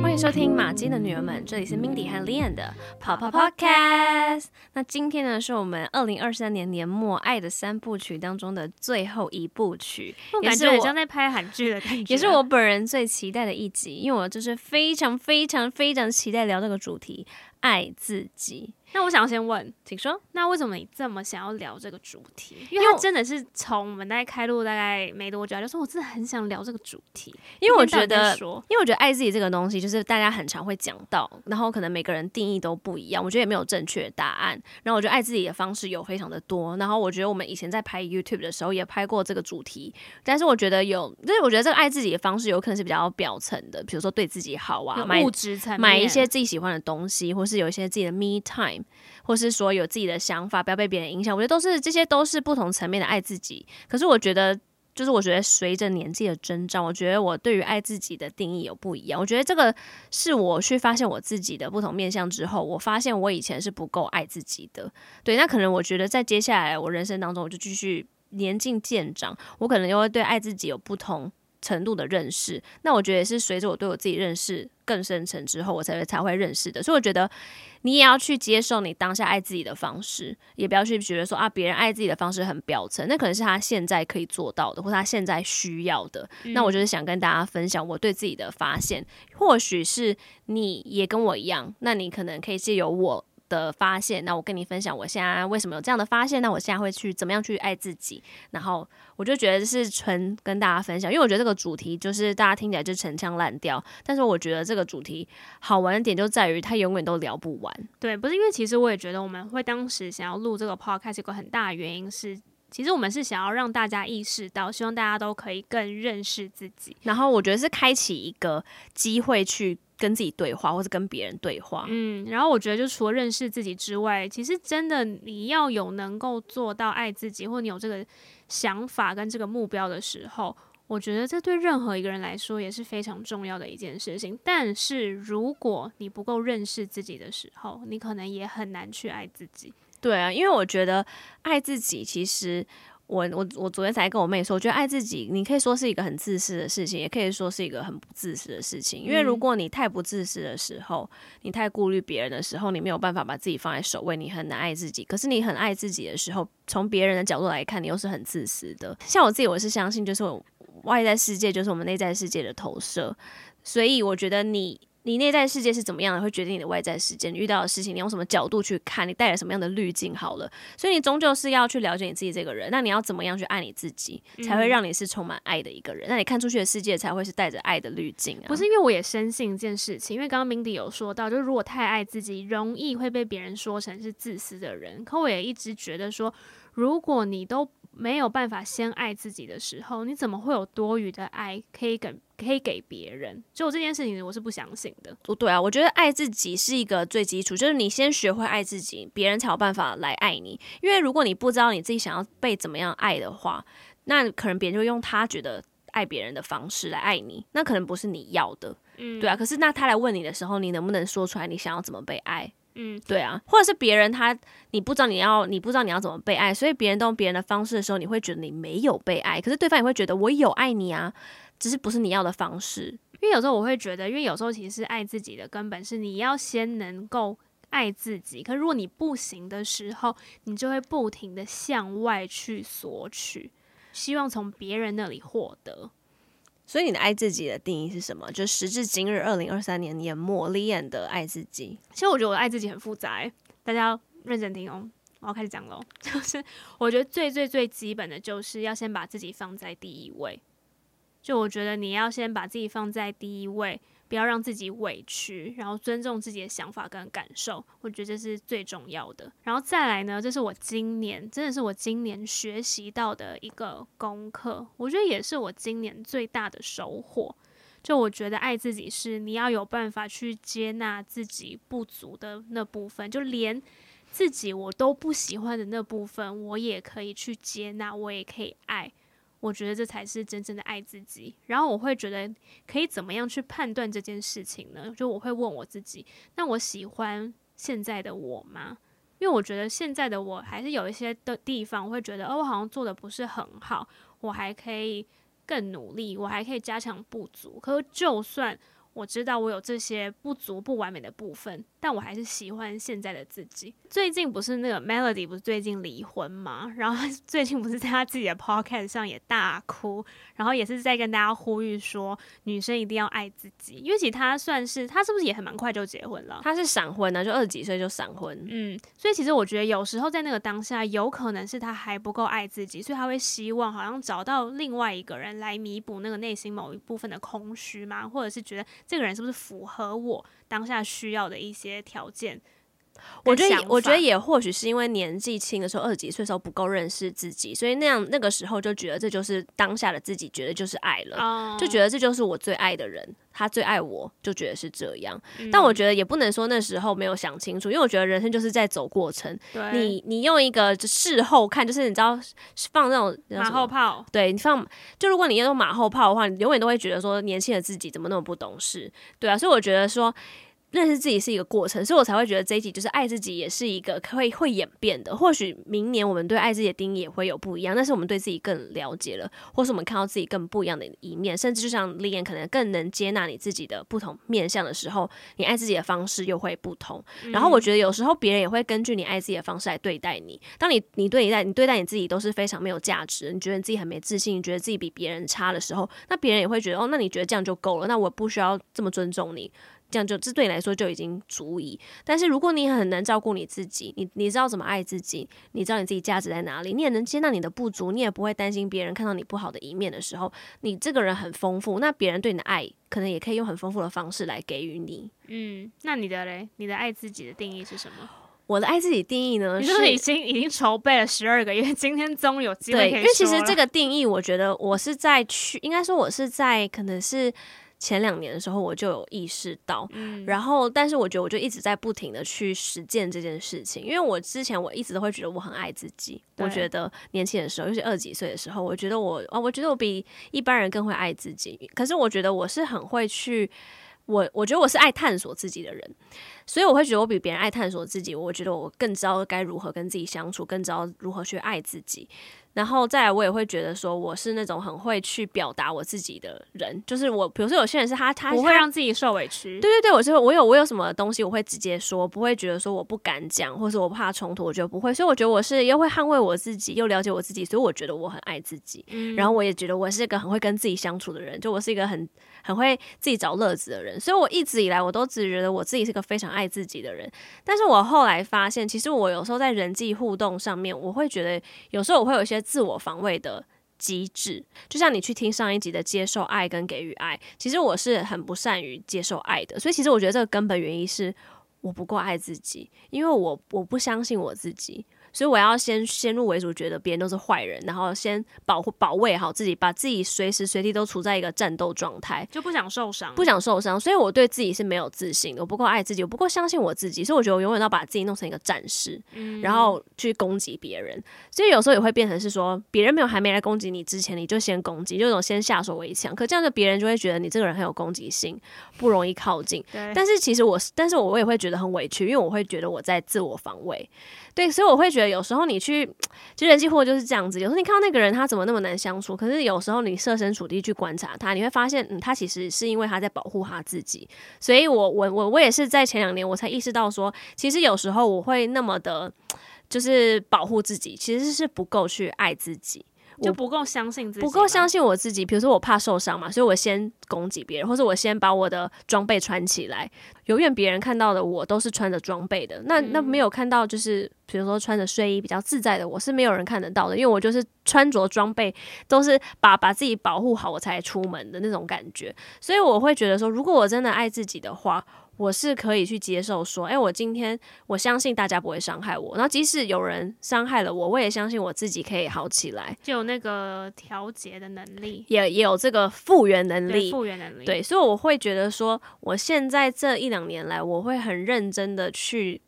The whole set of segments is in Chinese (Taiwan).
歡迎收聽《瑪姬的女兒們》，這裡是 Mindy 和 Lianne 的跑跑 Podcast。那今天呢，是我們二零二三年年末《愛的三部曲》當中的最後一部曲，也是我感覺像在拍韓劇的感覺，也是我本人最期待的一集，因為我就是非常、非常、非常期待聊這個主題——愛自己。那我想要先問，請說。那為什麼你這麼想要聊這個主題？因為，因為他真的是從我們大概開錄大概沒多久，就說我真的很想聊這個主題，因為，因為我覺得，因為我覺得愛自己這個東西，就是大家很常會講到，然後可能每個人定義都不一樣，我覺得也沒有正確的答案。然後我覺得愛自己的方式有非常的多。然後我覺得我們以前在拍 YouTube 的時候也拍過這個主題，但是我覺得有，就是我覺得這個愛自己的方式有可能是比較表層的，比如說對自己好啊，買買一些自己喜歡的東西，或是有一些自己的 Me Time。或是說有自己的想法，不要被別人影響，我覺得都是這些，都是不同層面的愛自己。可是我覺得，就是我覺得隨着年紀的增長，我覺得我對於愛自己的定義有不一樣。我覺得這個是我去發現我自己的不同面向之後，我發現我以前是不夠愛自己的。對，那可能我覺得在接下來我人生當中，我就繼續年紀漸長，我可能又會對愛自己有不同。程度的認識，那我覺得也是隨着我對我自己認識更深層之後，我才會才會認識的。所以我覺得你也要去接受你當下愛自己的方式，也不要去覺得說啊別人愛自己的方式很表層，那可能是他現在可以做到的，或他現在需要的。嗯，那我就是想跟大家分享我對自己的發現，或許是你也跟我一樣，那你可能可以借由我。的發現，那我跟你分享，我現在為什麼有這樣的發現？那我現在會去怎麼樣去愛自己？然後我就覺得是純跟大家分享，因為我覺得這個主題就是大家聽起來就陳腔濫調，但是我覺得這個主題好玩的點就在於它永遠都聊不完。對，不是因為其實我也覺得我們會當時想要錄這個 Podcast 一個很大的原因是，其實我們是想要讓大家意識到，希望大家都可以更認識自己，然後我覺得是開啟一個機會去。跟自己對話，或者跟別人對話。嗯，然後我覺得，就除了認識自己之外，其實真的你要有能夠做到愛自己，或者你有這個想法跟這個目標的時候，我覺得這對任何一個人來說也是非常重要的一件事情。但是如果你不夠認識自己的時候，你可能也很難去愛自己。對啊，因為我覺得愛自己其實。我我我昨天才跟我妹說，我覺得愛自己，你可以說是一個很自私的事情，也可以說是一個很不自私的事情。嗯。因為如果你太不自私的時候，你太顧慮別人的時候，你沒有辦法把自己放在首位，你很難愛自己。可是你很愛自己的時候，從別人的角度來看，你又是很自私的。像我自己，我是相信，就是外在世界就是我們內在世界的投射，所以我覺得你。你內在世界是怎麼樣的，會決定你的外在世界你遇到的事情。你用什麼角度去看，你帶了什麼樣的濾鏡？好了，所以你終究是要去了解你自己這個人。那你要怎麼樣去愛你自己，才會讓你是充滿愛的一個人？嗯。那你看出去的世界才會是帶着愛的濾鏡啊。不是因為我也深信一件事情，因為剛剛 Mindy 有說到，就如果太愛自己，容易會被別人說成是自私的人。可我也一直覺得說，如果你都沒有辦法先愛自己的時候，你怎麼會有多餘的愛可以給可以給別人？就這件事情，我是不相信的。對啊，我覺得愛自己是一個最基礎，就是你先學會愛自己，別人才有辦法來愛你。因為如果你不知道你自己想要被怎麼樣愛的話，那可能別人就用他覺得愛別人的方式來愛你，那可能不是你要的。嗯，對啊。可是那他來問你的時候，你能不能說出來你想要怎麼被愛？嗯，對啊，或者是別人他，你不知道你要，你不知道你要怎麼被愛，所以別人都用別人的方式的時候，你會覺得你沒有被愛，可是對方也會覺得我有愛你啊，只是不是你要的方式。因為有時候我會覺得，因為有時候其實是愛自己的根本是你要先能夠愛自己，可是如果你不行的時候，你就會不停地向外去索取，希望從別人那裡獲得。所以你的愛自己的定義是什麼？就時至今日，二零二三年年末李 i 的愛自己。其實我覺得我的愛自己很複雜，欸，大家要認真聽哦，喔。我要開始講嘍，就是我覺得最最最基本的就是要先把自己放在第一位。就我覺得你要先把自己放在第一位。不要讓自己委屈，然後尊重自己的想法跟感受，我覺得這是最重要的。然後再來呢，這是我今年真的是我今年學習到的一個功課，我覺得也是我今年最大的收穫。就我覺得愛自己是你要有辦法去接納自己不足的那部分，就連自己我都不喜歡的那部分，我也可以去接納，我也可以愛。我覺得這才是真正的愛自己。然後我會覺得，可以怎麼樣去判斷這件事情呢？就我會問我自己，那我喜歡現在的我嗎？因為我覺得現在的我還是有一些的地方，我會覺得，哦，我好像做的不是很好，我還可以更努力，我還可以加強不足。可是就算。我知道我有這些不足、不完美的部分，但我還是喜歡現在的自己。最近不是那個 Melody 不是最近離婚嗎？然後最近不是在他自己的 Podcast 上也大哭，然後也是在跟大家呼籲說女生一定要愛自己。因為其實他算是他是不是也很蠻快就結婚了？他是閃婚呢？啊，就二十幾歲就閃婚。嗯，所以其實我覺得有時候在那個當下，有可能是他還不夠愛自己，所以他會希望好像找到另外一個人來彌補那個內心某一部分的空虛嗎？或者是覺得。這個人是不是符合我當下需要的一些條件？我覺得也，我覺得也或許是因為年紀輕的時候，二十幾歲的時候不夠認識自己，所以那樣那個時候就覺得這就是當下的自己，覺得就是愛了，oh. 就覺得這就是我最愛的人，他最愛我，就覺得是這樣。嗯、但我覺得也不能說那時候沒有想清楚，因為我覺得人生就是在走過程。對你你用一個事後看，就是你知道放那種馬後炮，對你放就如果你用馬後炮的話，你永遠都會覺得說年輕的自己怎麼那麼不懂事，對啊。所以我覺得說。認識自己是一個過程，所以我才會覺得這一集就是愛自己也是一個會會演變的。或許明年我們對愛自己的定義也會有不一樣，但是我們對自己更了解了，或是我們看到自己更不一樣的一面，甚至就像 Lianne 可能更能接納你自己的不同面向的時候，你愛自己的方式又會不同。嗯、然後我覺得有時候別人也會根據你愛自己的方式來對待你。當你你對待你，你對待你自己都是非常沒有價值，你覺得你自己很沒自信，你覺得自己比別人差的時候，那別人也會覺得哦，那你覺得這樣就夠了，那我不需要這麼尊重你。這樣就這對你來說就已經足以。但是如果你很難照顧你自己，你你知道怎麼愛自己，你知道你自己價值在哪裡，你也能接納你的不足，你也不會擔心別人看到你不好的一面的時候，你這個人很豐富，那別人對你的愛可能也可以用很豐富的方式來給予你。嗯，那你的嘞，你的愛自己的定義是什麼？我的愛自己定義呢，就是，是已經是已經籌備了十二個月，今天終於有機會可以說。因為其實這個定義，我覺得我是在去，應該說我是在可能是。前兩年的時候，我就有意識到，嗯、然後，但是我覺得我就一直在不停的去實踐這件事情，因為我之前我一直都會覺得我很愛自己，對我覺得年輕的時候，尤其二十幾歲的時候，我覺得我啊、哦，我覺得我比一般人更會愛自己。可是我覺得我是很會去，我我覺得我是愛探索自己的人，所以我會覺得我比別人愛探索自己，我覺得我更知道該如何跟自己相處，更知道如何去愛自己。然後再來，我也會覺得說我是那種很會去表達我自己的人，就是我，比如說有些人是他，他不會讓自己受委屈，對對對，我是我有我有什麼東西我會直接說，不會覺得說我不敢講，或者我怕衝突，我覺得不會，所以我覺得我是又會捍衛我自己，又了解我自己，所以我覺得我很愛自己，嗯，然後我也覺得我是一個很會跟自己相處的人，就我是一個很很會自己找樂子的人，所以我一直以來我都只覺得我自己是一個非常愛自己的人，但是我後來發現，其實我有時候在人際互動上面，我會覺得有時候我會有一些。自我防衛的機制，就像你去聽上一集的接受愛跟給予愛，其實我是很不善於接受愛的，所以其實我覺得這個根本原因是我不夠愛自己，因為我我不相信我自己。所以我要先先入為主，覺得別人都是壞人，然後先保護保衛好自己，把自己隨時隨地都處在一個戰鬥狀態，就不想受傷，不想受傷。所以我對自己是沒有自信的，我不夠愛自己，我不夠相信我自己。所以我覺得我永遠要把自己弄成一個戰士，嗯、然後去攻擊別人。所以有時候也會變成是說，別人沒有還沒來攻擊你之前，你就先攻擊，就是先下手為強。可這樣子別人就會覺得你這個人很有攻擊性，不容易靠近。對但是其實我，但是我也會覺得很委屈，因為我會覺得我在自我防衛。對，所以我會覺得。有時候你去，就人際貨就是這樣子，有時候你看到那個人他怎麼那麼難相處，可是有時候你設身處地去觀察他，你會發現，嗯，他其實是因為他在保護他自己。所以我我我我也是在前兩年我才意識到說，其實有時候我會那麼的，就是保護自己，其實是不夠去愛自己。就不夠相信自己，不夠相信我自己。比如說，我怕受傷嘛，所以我先攻擊別人，或者我先把我的裝備穿起來，永遠別人看到的我都是穿着裝備的。那那沒有看到，就是嗯，比如說穿着睡衣比較自在的，我是沒有人看得到的，因為我就是穿着裝備，都是把把自己保護好我才出門的那種感覺。所以我會覺得說，如果我真的愛自己的話。我是可以去接受說，誒、欸，我今天我相信大家不會傷害我，然後即使有人傷害了我，我也相信我自己可以好起來，就有那個調節的能力，也也有這個復原能力，復原能力，對，所以我會覺得說，我現在這一兩年來，我會很認真的去，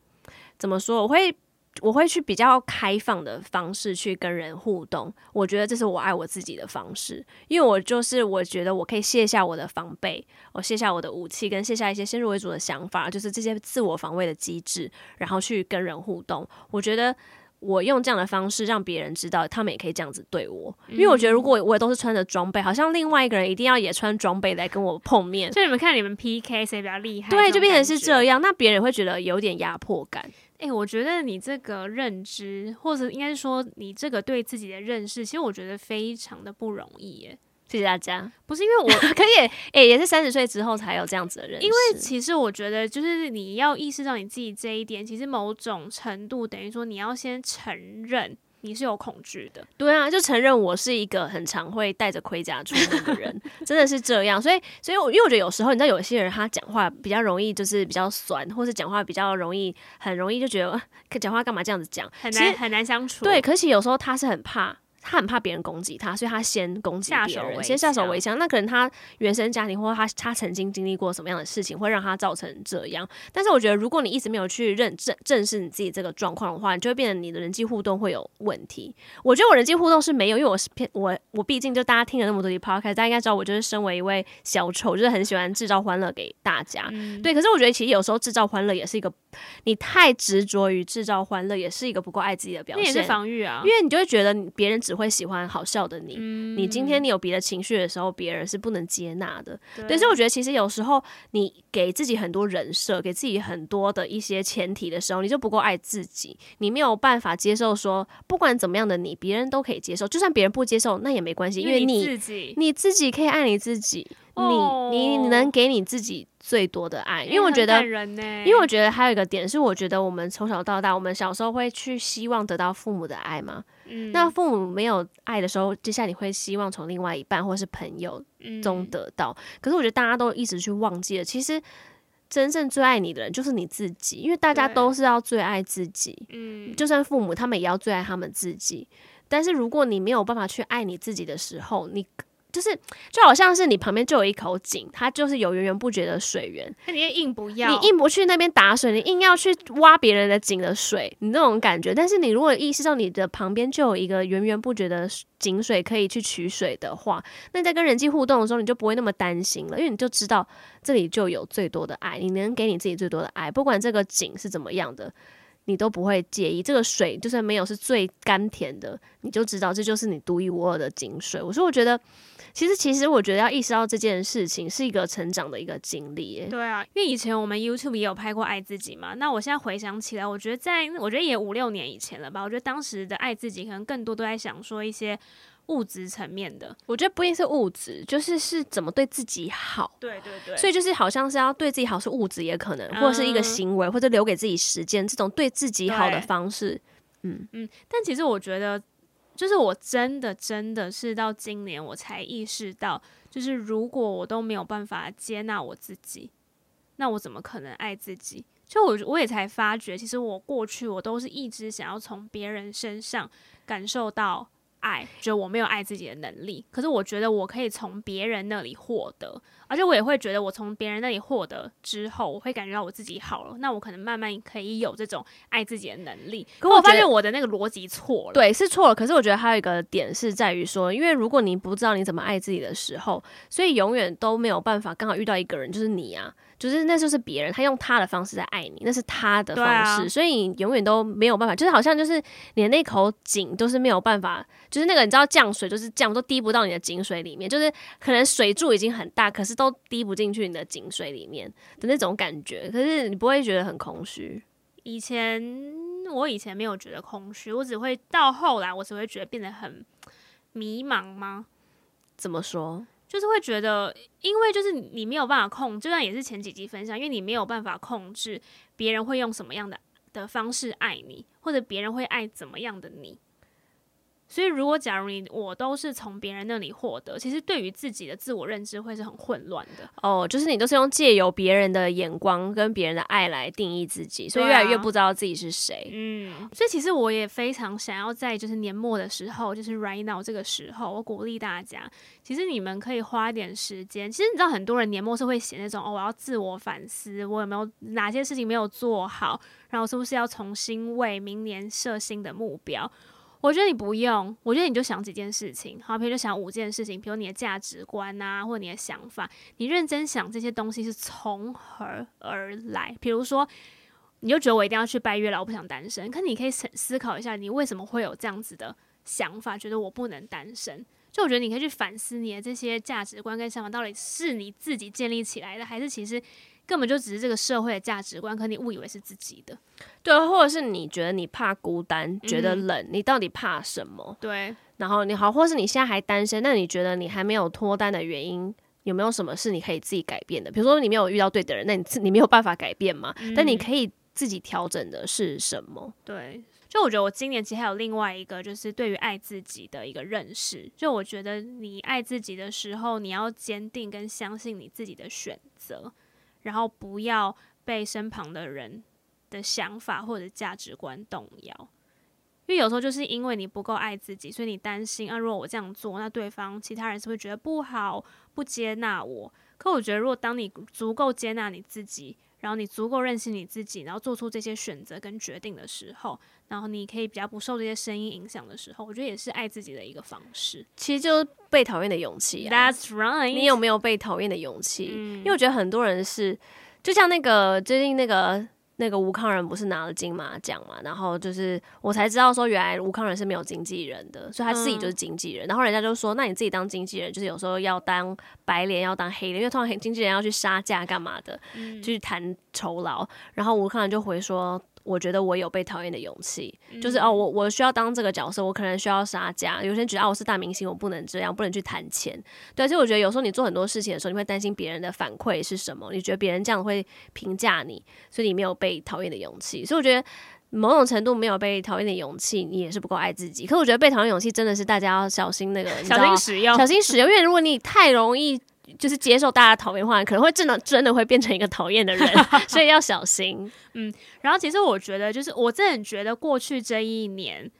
怎麼說，我會。我會去比較開放的方式去跟人互動，我覺得這是我愛我自己的方式，因為我就是我覺得我可以卸下我的防備，我卸下我的武器，跟卸下一些先入為主的想法，就是這些自我防衛的機制，然後去跟人互動。我覺得我用這樣的方式讓別人知道，他們也可以這樣子對我，嗯。因為我覺得如果我也都是穿着裝備，好像另外一個人一定要也穿裝備來跟我碰面，所以你們看你們 PK 誰比較厲害？對，就變成是這樣，那別人會覺得有點壓迫感。誒、欸，我覺得你這個認知，或者應該說你這個對自己的認識，其實我覺得非常的不容易耶。謝謝大家。不是因為我 可以，誒、欸，也是三十歲之後才有這樣子的認識。因為其實我覺得，就是你要意識到你自己這一點，其實某種程度等於說你要先承認。你是有恐懼的，對啊，就承認我是一個很常會帶着盔甲出門的人， 真的是這樣，所以，所以我，我因為我覺得有時候，你知道，有些人他講話比較容易，就是比較酸，或是講話比較容易，很容易就覺得講話幹嘛這樣子講，很難其實很難相處。對，可是有時候他是很怕。他很怕別人攻擊他，所以他先攻擊別人，下手先下手為強。那可能他原生家庭，或他他曾經經歷過什麼樣的事情，會讓他造成這樣。但是我覺得，如果你一直沒有去認正正視你自己這個狀況的話，你就會變得你的人際互動會有問題。我覺得我人際互動是沒有，因為我是偏我我畢竟就大家聽了那麼多的 podcast，大家應該知道我就是身為一位小丑，就是很喜歡制造歡樂給大家。嗯、對，可是我覺得其實有時候制造歡樂也是一個，你太執着於制造歡樂，也是一個不夠愛自己的表現。那也是防禦啊，因為你就會覺得別人。只會喜歡好笑的你。嗯，你今天你有別的情緒的時候，別人是不能接納的。對但是我覺得，其實有時候你給自己很多人設，給自己很多的一些前提的時候，你就不夠愛自己。你沒有辦法接受說，不管怎麼樣的你，別人都可以接受。就算別人不接受，那也沒關係，因為你，因為你自己，你自己可以愛你自己。你你能給你自己。最多的愛，因為我覺得，欸、因為我覺得還有一個點是，我覺得我們從小到大，我們小時候會去希望得到父母的愛嘛。嗯、那父母沒有愛的時候，接下來你會希望從另外一半或是朋友中得到。嗯、可是我覺得大家都一直去忘記了，其實真正最愛你的人就是你自己，因為大家都是要最愛自己。嗯對，就算父母他們也要最愛他們自己。但是如果你沒有辦法去愛你自己的時候，你。就是就好像是你旁邊就有一口井，它就是有源源不絕的水源。那、欸、你也硬不要，你硬不去那邊打水，你硬要去挖別人的井的水，你那種感覺。但是你如果意識到你的旁邊就有一個源源不絕的井水可以去取水的話，那在跟人際互動的時候，你就不會那麼擔心了，因為你就知道這裡就有最多的愛，你能給你自己最多的愛，不管這個井是怎麼樣的，你都不會介意。這個水就算沒有是最甘甜的，你就知道這就是你獨一無二的井水。我說，我覺得。其實，其實我覺得要意識到這件事情是一個成長的一個經歷，對啊，因為以前我們 YouTube 也有拍過愛自己嘛。那我現在回想起來，我覺得在我覺得也五六年以前了吧。我覺得當時的愛自己，可能更多都在想說一些物質層面的。我覺得不一定是物質，就是是怎麼對自己好。對對對。所以就是好像是要對自己好，是物質也可能，或者是一個行為，嗯、或者留給自己時間，這種對自己好的方式。對嗯嗯，但其實我覺得。就是我真的真的是到今年我才意識到，就是如果我都沒有辦法接納我自己，那我怎麼可能愛自己？就我我也才發覺，其實我過去我都是一直想要從別人身上感受到。愛，就我沒有愛自己的能力，可是我覺得我可以從別人那裡獲得，而且我也會覺得我從別人那裡獲得之後，我會感覺到我自己好了，那我可能慢慢可以有這種愛自己的能力。可我發現我的那個邏輯錯了，對，是錯了。可是我覺得還有一個點是在於說，因為如果你不知道你怎麼愛自己的時候，所以永遠都沒有辦法剛好遇到一個人，就是你啊。就是那就是別人，他用他的方式在愛你，那是他的方式，啊、所以你永遠都沒有辦法，就是好像就是你那口井都是沒有辦法，就是那個你知道降水，就是降都滴不到你的井水裡面，就是可能水柱已經很大，可是都滴不進去你的井水裡面的那種感覺，可是你不會覺得很空虛。以前我以前沒有覺得空虛，我只會到後來我只會覺得變得很迷茫嗎？怎麼說？就是會覺得，因為就是你沒有辦法控制，就算也是前幾集分享，因為你沒有辦法控制別人會用什麼樣的的方式愛你，或者別人會愛怎麼樣的你。所以，如果假如你我都是從別人那裡獲得，其實對於自己的自我認知會是很混亂的哦。就是你都是用借由別人的眼光跟別人的愛來定義自己，啊、所以越來越不知道自己是誰。嗯，所以其實我也非常想要在就是年末的時候，就是 right now 這個時候，我鼓勵大家，其實你們可以花一點時間。其實你知道，很多人年末是會寫那種哦，我要自我反思，我有沒有哪些事情沒有做好，然後是不是要重新為明年設新的目標。我覺得你不用，我覺得你就想幾件事情，好，比如就想五件事情，比如你的價值觀啊，或者你的想法，你認真想這些東西是從何而來。比如說，你就覺得我一定要去拜月老，我不想單身，可是你可以思思考一下，你為什麼會有這樣子的想法，覺得我不能單身？就我覺得你可以去反思你的這些價值觀跟想法，到底是你自己建立起來的，還是其實。根本就只是這個社會的價值觀，可你誤以為是自己的，對，或者是你覺得你怕孤單，嗯、覺得冷，你到底怕什麼？對，然後你好，或是你現在還單身，那你覺得你還沒有脫單的原因有沒有什麼是你可以自己改變的？比如說你沒有遇到對的人，那你你沒有辦法改變嗎？嗯、但你可以自己調整的是什麼？對，就我覺得我今年其實還有另外一個，就是對於愛自己的一個認識。就我覺得你愛自己的時候，你要堅定跟相信你自己的選擇。然後不要被身旁的人的想法或者價值觀動搖，因為有時候就是因為你不夠愛自己，所以你擔心啊，如果我這樣做，那對方其他人是不是覺得不好，不接納我？可我覺得，如果當你足夠接納你自己，然後你足夠認識你自己，然後做出這些選擇跟決定的時候，然後你可以比較不受這些聲音影響的時候，我覺得也是愛自己的一個方式。其實就是被討厭的勇氣啊。That's right. 你有沒有被討厭的勇氣？嗯。因為我覺得很多人是，就像那個最近、就是、那個。那個吳康仁不是拿了金馬獎嘛？然後就是我才知道說，原來吳康仁是沒有經紀人的，所以他自己就是經紀人。嗯、然後人家就說，那你自己當經紀人，就是有時候要當白臉，要當黑臉，因為通常經紀人要去殺價幹嘛的，嗯、去談酬勞。然後吳康仁就回說。我覺得我有被討厭的勇氣，嗯、就是哦，我我需要當這個角色，我可能需要殺價。有些人覺得啊、哦，我是大明星，我不能這樣，不能去談錢。對，所以我覺得有時候你做很多事情的時候，你會擔心別人的反饋是什麼，你覺得別人這樣會評價你，所以你沒有被討厭的勇氣。所以我覺得某種程度沒有被討厭的勇氣，你也是不夠愛自己。可是我覺得被討厭勇氣真的是大家要小心那個，小心使用，小心使用。因為如果你太容易。就是接受大家討厭的話，可能會真的真的會變成一個討厭的人， 所以要小心。 嗯，然後其實我覺得，就是我真的很覺得過去這一年，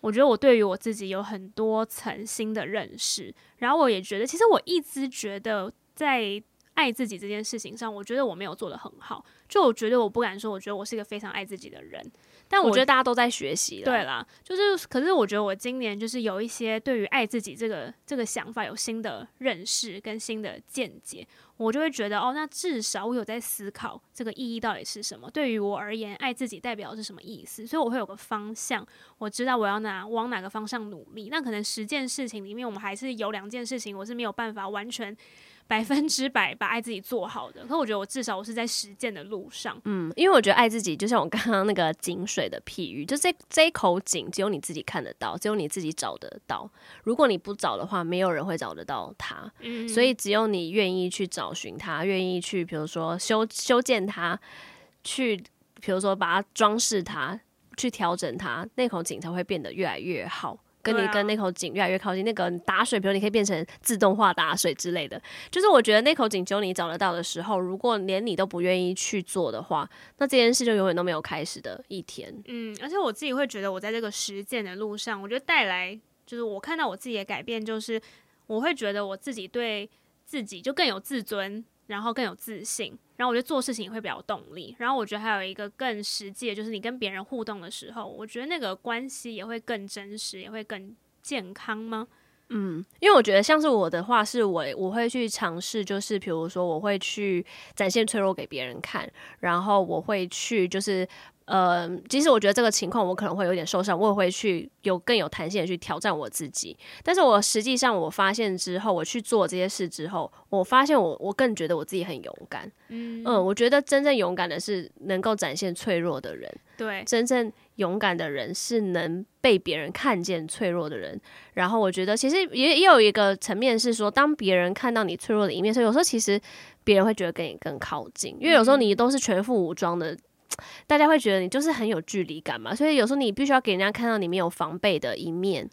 我覺得我對於我自己有很多層新的認識。然後我也覺得，其實我一直覺得在。愛自己這件事情上，我覺得我沒有做得很好。就我覺得我不敢說，我覺得我是一個非常愛自己的人，但我覺得大家都在學習、哦。對啦，就是可是我覺得我今年就是有一些對於愛自己這個這個想法有新的認識跟新的見解，我就會覺得哦，那至少我有在思考這個意義到底是什麼。對於我而言，愛自己代表是什麼意思？所以我會有個方向，我知道我要拿往哪個方向努力。那可能十件事情裡面，我們還是有兩件事情我是沒有辦法完全，百分之百把愛自己做好的，可是我覺得我至少我是在實踐的路上，嗯，因為我覺得愛自己就像我剛剛那個井水的譬喻，就這這一口井只有你自己看得到，只有你自己找得到。如果你不找的話，沒有人會找得到它，嗯，所以只有你願意去找尋它，願意去比如說修修建它，去比如說把它裝飾它，去調整它，那口井才會變得越來越好。跟你跟那口井越來越靠近，啊、那個打水，比如你可以變成自動化打水之類的，就是我覺得那口井只有你找得到的時候，如果連你都不願意去做的話，那這件事就永遠都沒有開始的一天。嗯，而且我自己會覺得，我在這個實踐的路上，我覺得帶來就是我看到我自己的改變，就是我會覺得我自己對自己就更有自尊，然後更有自信。然後我覺得做事情也會比較有動力。然後我覺得還有一個更實際的，就是你跟別人互動的時候，我覺得那個關係也會更真實，也會更健康嗎？嗯，因為我覺得像是我的話，是我我會去嘗試，就是比如說我會去展現脆弱給別人看，然後我會去就是。呃，即使我覺得這個情況，我可能會有點受傷，我也會去有更有彈性的去挑戰我自己。但是我實際上我發現之後，我去做這些事之後，我發現我我更覺得我自己很勇敢。嗯嗯，我覺得真正勇敢的是能夠展現脆弱的人。對，真正勇敢的人是能被別人看見脆弱的人。然後我覺得其實也也有一個層面是說，當別人看到你脆弱的一面，所以有時候其實別人會覺得跟你更靠近，嗯、因為有時候你都是全副武裝的。大家會覺得你就是很有距離感嘛，所以有時候你必須要給人家看到你沒有防備的一面，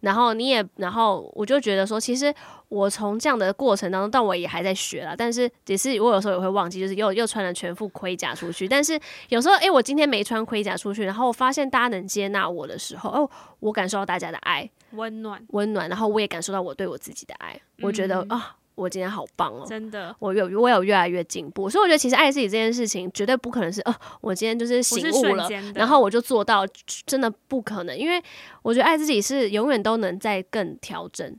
然後你也，然後我就覺得說，其實我從這樣的過程當中，但我也還在學了，但是只是我有時候也會忘記，就是又又穿了全副盔甲出去，但是有時候哎、欸，我今天沒穿盔甲出去，然後我發現大家能接納我的時候，哦，我感受到大家的愛，溫暖，溫暖，然後我也感受到我對我自己的愛，我覺得、嗯、啊。我今天好棒哦、喔，真的，我有我有越來越進步，所以我覺得其實愛自己這件事情絕對不可能是哦、呃，我今天就是醒悟了，然後我就做到，真的不可能，因為我覺得愛自己是永遠都能再更調整。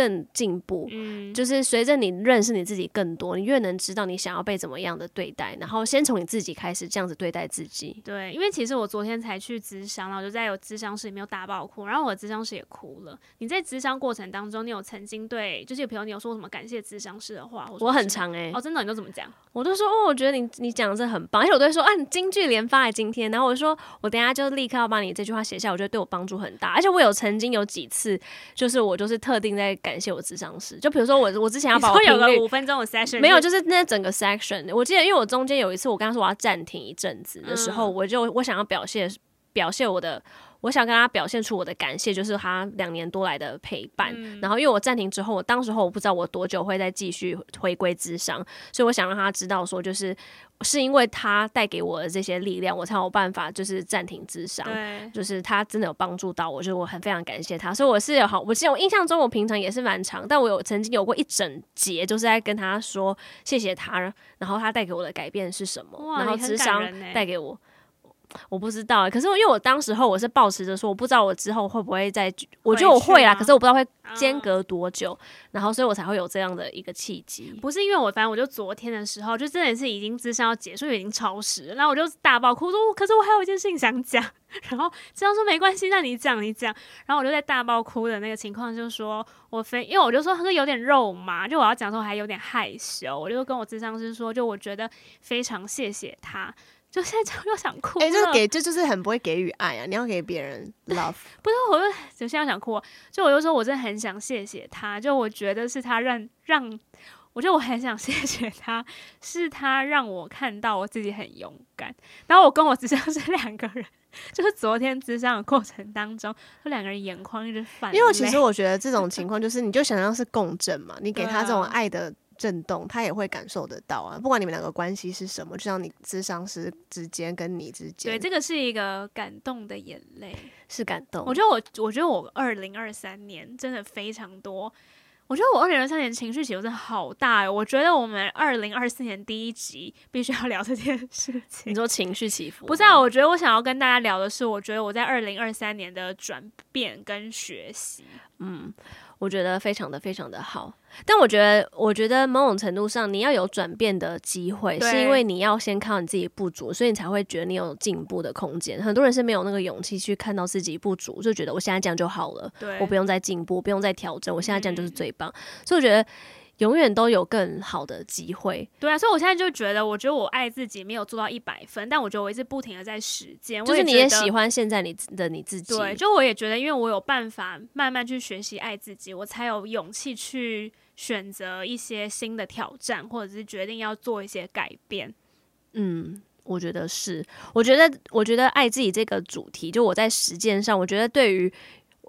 更進步，嗯，就是隨着你認識你自己更多，你越能知道你想要被怎麼樣的對待，然後先從你自己開始這樣子對待自己。對，因為其實我昨天才去諮商，然後就在有諮商室裡面大爆哭，然後我的諮商師也哭了。你在諮商過程當中，你有曾經對就是有朋友你有說什麼感謝諮商師的話？我很常哎、欸，哦，oh, 真的，哦，你都怎麼講？我都說哦，我覺得你你講的這很棒，而且我都會說按、啊、金句連發來今天，然後我就說我等下就立刻要把你這句話寫下，我覺得對我幫助很大。而且我有曾經有幾次，就是我就是特定在感謝我諮商師，就比如說我，我之前要保我有個五分鐘的 session，沒有，就是那整個 section，我記得，因為我中間有一次，我跟他說我要暫停一陣子的時候，嗯、我就我想要表現表現我的。我想跟他表現出我的感謝，就是他兩年多來的陪伴。嗯、然後，因為我暫停之後，我當時候我不知道我多久會再繼續回歸諮商，所以我想讓他知道，說就是是因為他帶給我的這些力量，我才有辦法就是暫停諮商。對就是他真的有幫助到我，就是我很非常感謝他。所以我是有好，我記得我印象中我平常也是蠻長，但我有曾經有過一整節，就是在跟他說謝謝他，然後他帶給我的改變是什麼，哇然後諮商帶給我。我不知道、欸，可是因為我當時候我是抱持著說，我不知道我之後會不會再。我覺得我會啊，可是我不知道會間隔多久，啊、然後所以我才會有這樣的一個契機。不是因為我，反正我就昨天的時候，就真的是已經諮商要結束已經超時，然後我就大爆哭說、哦，可是我還有一件事情想講。然後諮商說沒關係，那你講你講。然後我就在大爆哭的那個情況，就是說我非，因為我就說他是有點肉麻，就我要講說我還有點害羞，我就跟我諮商師說，就我覺得非常謝謝他。就現在就又想哭了，哎、欸，就是給，這就，就是很不會給予愛啊！你要給別人 love， 不是，我就就現在想哭、啊，就我就說，我真的很想謝謝他，就我覺得是他讓讓，我覺得我很想謝謝他，是他讓我看到我自己很勇敢。然後我跟我諮商是兩個人，就是昨天諮商的過程當中，就兩個人眼眶一直泛淚，因為其實我覺得這種情況就是，你就想像是共振嘛， 你給他這種愛的。震動，他也會感受得到啊！不管你們兩個關係是什麼，就像你諮商師，之間跟你之間，對，這個是一個感動的眼淚，是感動。我覺得我，我覺得我二零二三年真的非常多。我覺得我二零二三年情緒起伏真的好大哎、欸！我覺得我們二零二四年第一集必須要聊這件事情。你說情緒起伏？不是、啊，我覺得我想要跟大家聊的是，我覺得我在二零二三年的轉變跟學習，嗯。我覺得非常的非常的好，但我覺得，我覺得某種程度上，你要有轉變的機會，對是因為你要先看到你自己不足，所以你才會覺得你有進步的空間。很多人是沒有那個勇氣去看到自己不足，就覺得我現在這樣就好了，對我不用再進步，不用再調整，我現在這樣就是最棒。嗯、所以我覺得。永遠都有更好的機會，對啊，所以我現在就覺得，我覺得我愛自己沒有做到一百分，但我覺得我一直不停的在實踐，就是你也，我也覺得，也喜歡現在你的你自己，對，就我也覺得，因為我有辦法慢慢去學習愛自己，我才有勇氣去選擇一些新的挑戰，或者是決定要做一些改變。嗯，我覺得是，我覺得，我覺得愛自己這個主題，就我在實踐上，我覺得對於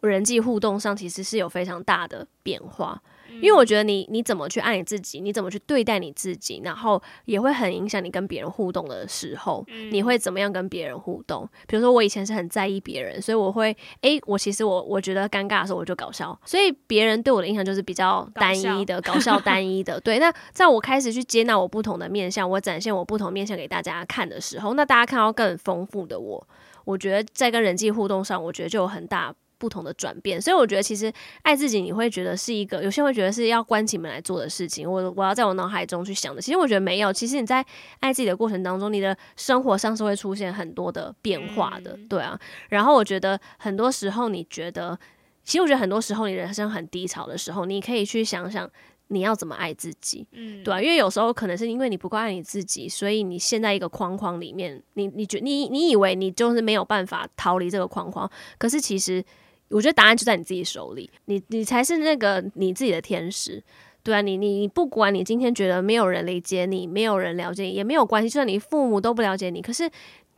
人際互動上，其實是有非常大的變化。因為我覺得你，你怎麼去愛你自己，你怎麼去對待你自己，然後也會很影響你跟別人互動的時候，你會怎麼樣跟別人互動？比如說，我以前是很在意別人，所以我會，哎、欸，我其實我我覺得尷尬的時候我就搞笑，所以別人對我的印象就是比較單一的搞笑，搞笑單一的。 對，那在我開始去接納我不同的面向，我展現我不同面向給大家看的時候，那大家看到更豐富的我，我覺得在跟人際互動上，我覺得就有很大。不同的轉變，所以我覺得其實愛自己，你會覺得是一個，有些人會覺得是要關起門來做的事情。我我要在我腦海中去想的，其實我覺得沒有。其實你在愛自己的過程當中，你的生活上是會出現很多的變化的，對啊。然後我覺得很多時候，你覺得，其實我覺得很多時候，你人生很低潮的時候，你可以去想想你要怎麼愛自己，嗯，對啊，因為有時候可能是因為你不夠愛你自己，所以你陷在一個框框裡面，你你覺你你以為你就是沒有辦法逃離這個框框，可是其實。我覺得答案就在你自己手裡，你你才是那個你自己的天使，對啊，你你不管你今天覺得沒有人理解你，沒有人了解你，也沒有關係，就算你父母都不了解你，可是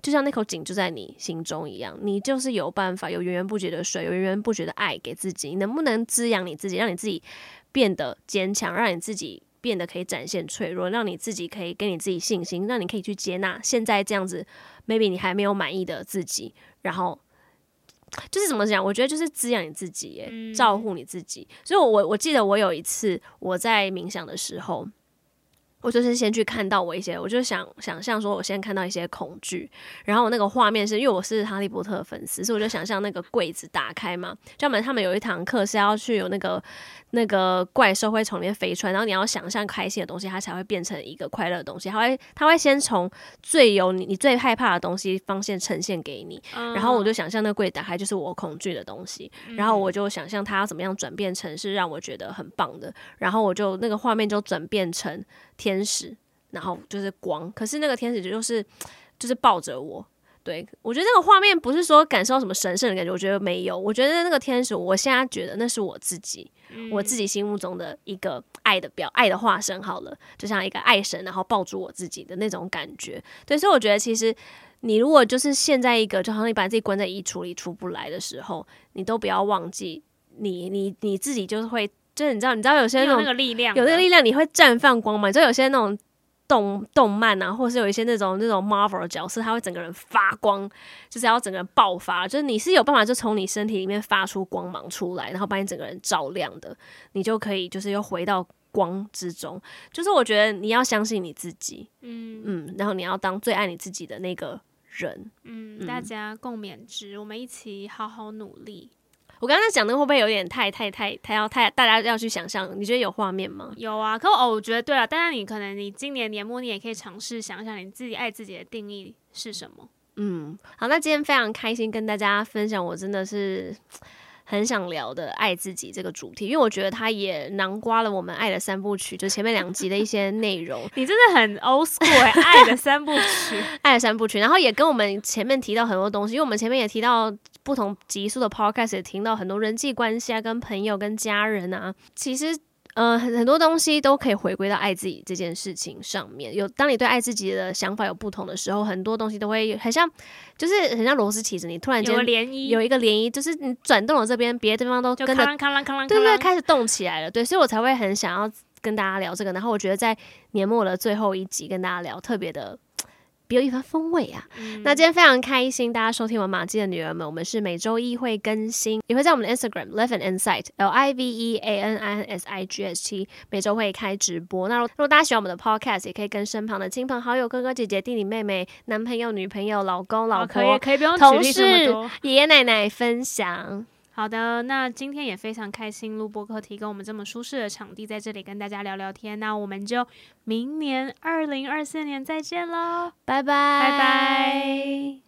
就像那口井就在你心中一樣，你就是有辦法，有源源不絕的水，有源源不絕的愛給自己，你能不能滋養你自己，讓你自己變得堅強，讓你自己變得可以展現脆弱，讓你自己可以給你自己信心，讓你可以去接納現在這樣子，maybe 你還沒有滿意的自己，然後。就是怎麼講？我覺得就是滋養你，你自己，耶、嗯，照顧你自己。所以我，我我記得我有一次我在冥想的時候，我就是先去看到我一些，我就想想象說我先看到一些恐懼，然後我那個畫面是因為我是哈利波特的粉絲，所以我就想象那個櫃子打開嘛。專門他們有一堂課是要去有那個那個怪獸會從裡面飛出來，然後你要想象開心的東西它才會變成一個快樂的東西。它會它會先從最有你你最害怕的東西方向呈現給你，然後我就想象那個櫃打開就是我恐懼的東西，然後我就想象它要怎麼樣轉變成是讓我覺得很棒的然後我就那個畫面就轉變成。天使，然後就是光。可是那個天使就是，就是抱着我。對，我覺得那個畫面不是說感受到什麼神聖的感覺，我覺得沒有。我覺得那個天使，我現在覺得那是我自己，嗯、我自己心目中的一個愛的表，愛的化身。好了，就像一個愛神，然後抱住我自己的那種感覺。對，所以我覺得其實你如果就是陷在一個，就好像你把自己關在衣櫥裡出不來的時候，你都不要忘記你，你你你自己就是會。就是你知道，你知道有些那種有那個力量，有那個力量，你會綻放光芒。就有些那種動動漫啊，或是有一些那種那種 Marvel 的角色，他會整個人發光，就是要整個人爆發。就是你是有辦法，就從你身體裡面發出光芒出來，然後把你整個人照亮的，你就可以就是又回到光之中。就是我覺得你要相信你自己，嗯嗯，然後你要當最愛你自己的那個人，嗯，嗯，大家共勉之，我們一起好好努力。我剛才講的會不會有點太太太太要太大家要去想象你覺得有畫面嗎？有啊，可我，哦，我覺得對了。但是你可能你今年年末你也可以嘗試想想你自己愛自己的定義是什麼。嗯，好，那今天非常開心跟大家分享，我真的是。很想聊的“愛自己”這個主題，因為我覺得它也囊括了我們“愛”的三部曲，就前面兩集的一些內容。 你真的很 old school 欸，“愛的三部曲”，“ 愛的三部曲”，然後也跟我們前面提到很多東西，因為我們前面也提到不同集數的 podcast，也聽到很多人際關係啊，跟朋友、跟家人啊，其實。呃，很很多東西都可以回歸到愛自己這件事情上面。有，當你對愛自己的想法有不同的時候，很多東西都會很像，就是很像螺絲起子，你突然間有，有一個漣漪，嗯、就是你轉動了這邊，別的地方都跟着，對對，開始動起來了。對，所以我才會很想要跟大家聊這個。然後我覺得在年末的最後一集跟大家聊特別的。有一番風味啊！嗯、那今天非常開心，大家收聽我們瑪姬的女兒們。我們是每周一會更新，也會在我們的 Instagram Live an Insight L I V E A N I N S I G H T 每周會開直播。那如果，如果大家喜歡我們的 Podcast，也可以跟身旁的親朋好友、哥哥姐姐、弟弟妹妹、男朋友女朋友、老公老婆、啊可、可以不用同事、爺爺奶奶分享。好的，那今天也非常開心錄播客，提供我們這麼舒適的場地，在這裡跟大家聊聊天。那我們就明年二零二四年再見嘍，拜拜 bye，拜拜。